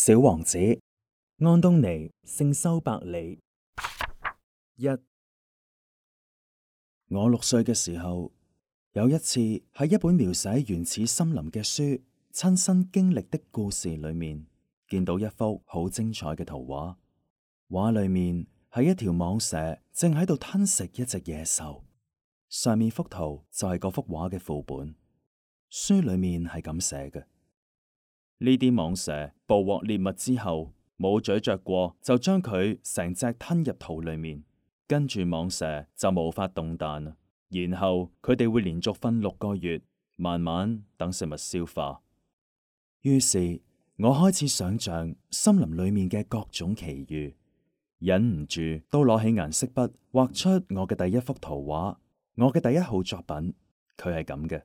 小王子，安東尼·聖修伯里。一，我六歲嘅時候，有一次喺一本描寫原始森林嘅書，親身經歷的故事裏面，見到一幅好精彩嘅圖畫。畫裏面係一條蟒蛇正喺度吞食一隻野獸。上面幅圖就係嗰幅畫嘅副本。書裏面係咁寫嘅。呢啲蟒蛇捕獲獵物之後，冇咀嚼過就將佢成隻吞入肚裏面，跟住蟒蛇就無法動彈，然後佢哋會連續瞓六個月，慢慢等食物消化。於是我開始想象森林裏面嘅各種奇遇，忍唔住都攞起顏色筆畫出我嘅第一幅圖畫，我嘅第一號作品。佢係咁嘅。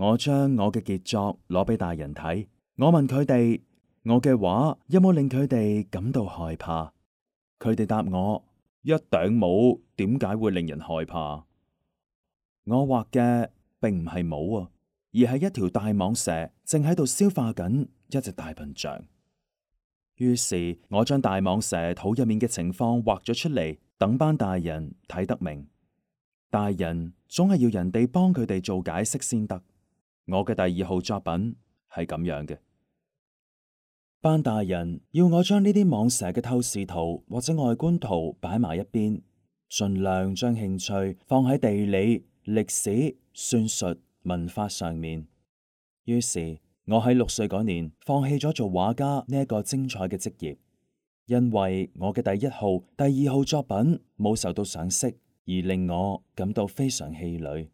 我將我嘅傑作攞俾大人睇，我問佢哋：我嘅畫有冇令佢哋感到害怕？佢哋答我：一頂帽點解會令人害怕？我畫嘅並唔係帽啊，而係一條大蟒蛇正喺度消化緊一隻大笨象。於是我將大蟒蛇肚入面嘅情況畫咗出嚟，等班大人睇得明。大人總係要人哋幫佢哋做解釋先得。我嘅第二號作品係咁樣嘅，班大人要我將呢啲蟒蛇嘅透視圖或者外觀圖擺埋一邊，盡量將興趣放喺地理、歷史、算術、文化上面。於是，我喺六歲嗰年放棄咗做畫家呢一個精彩嘅職業，因為我嘅第一號、第二號作品冇受到賞識，而令我感到非常氣餒。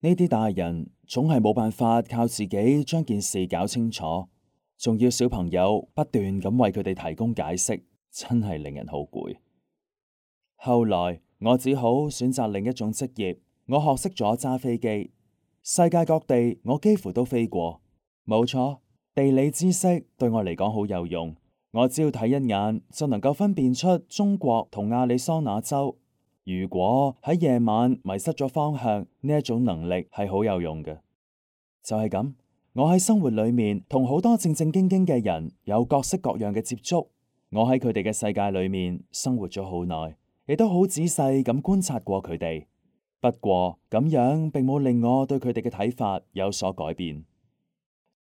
呢啲大人總係冇辦法靠自己將件事搞清楚，仲要小朋友不斷咁為佢哋提供解釋，真係令人好攰。後來我只好選擇另一種職業，我學識咗揸飛機，世界各地我幾乎都飛過。冇錯，地理知識對我嚟講好有用，我只要睇一眼，就能夠分辨出中國同亞利桑那州。如果喺夜晚迷失咗方向，呢一種能力係好有用嘅。就係咁，我喺生活裏面同好多正正經經嘅人有各式各樣嘅接觸，我喺佢哋嘅世界裏面生活咗好耐，亦都好仔細咁觀察過佢哋。不過咁樣並冇令我對佢哋嘅睇法有所改變。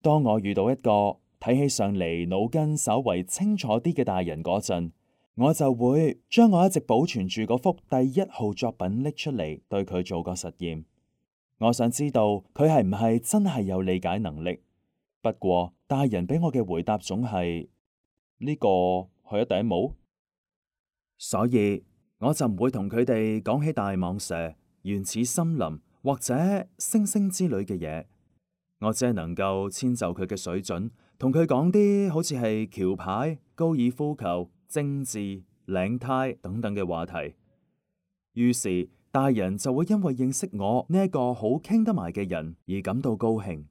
當我遇到一個睇起上嚟腦筋稍為清楚啲嘅大人嗰陣。我就會將我一直保存住嗰幅第一號作品拎出嚟，對佢做個實驗。我想知道佢係唔係真係有理解能力。不過大人俾我嘅回答總係呢、這個，係一頂帽。所以我就唔會同佢哋講起大蟒蛇、原始森林或者星星之類嘅嘢。我只係能夠遷就佢嘅水準，同佢講啲好似係橋牌、高爾夫球。政治、領呔等等嘅話題，於是大人就會因為認識我呢一個好傾得埋嘅人而感到高興。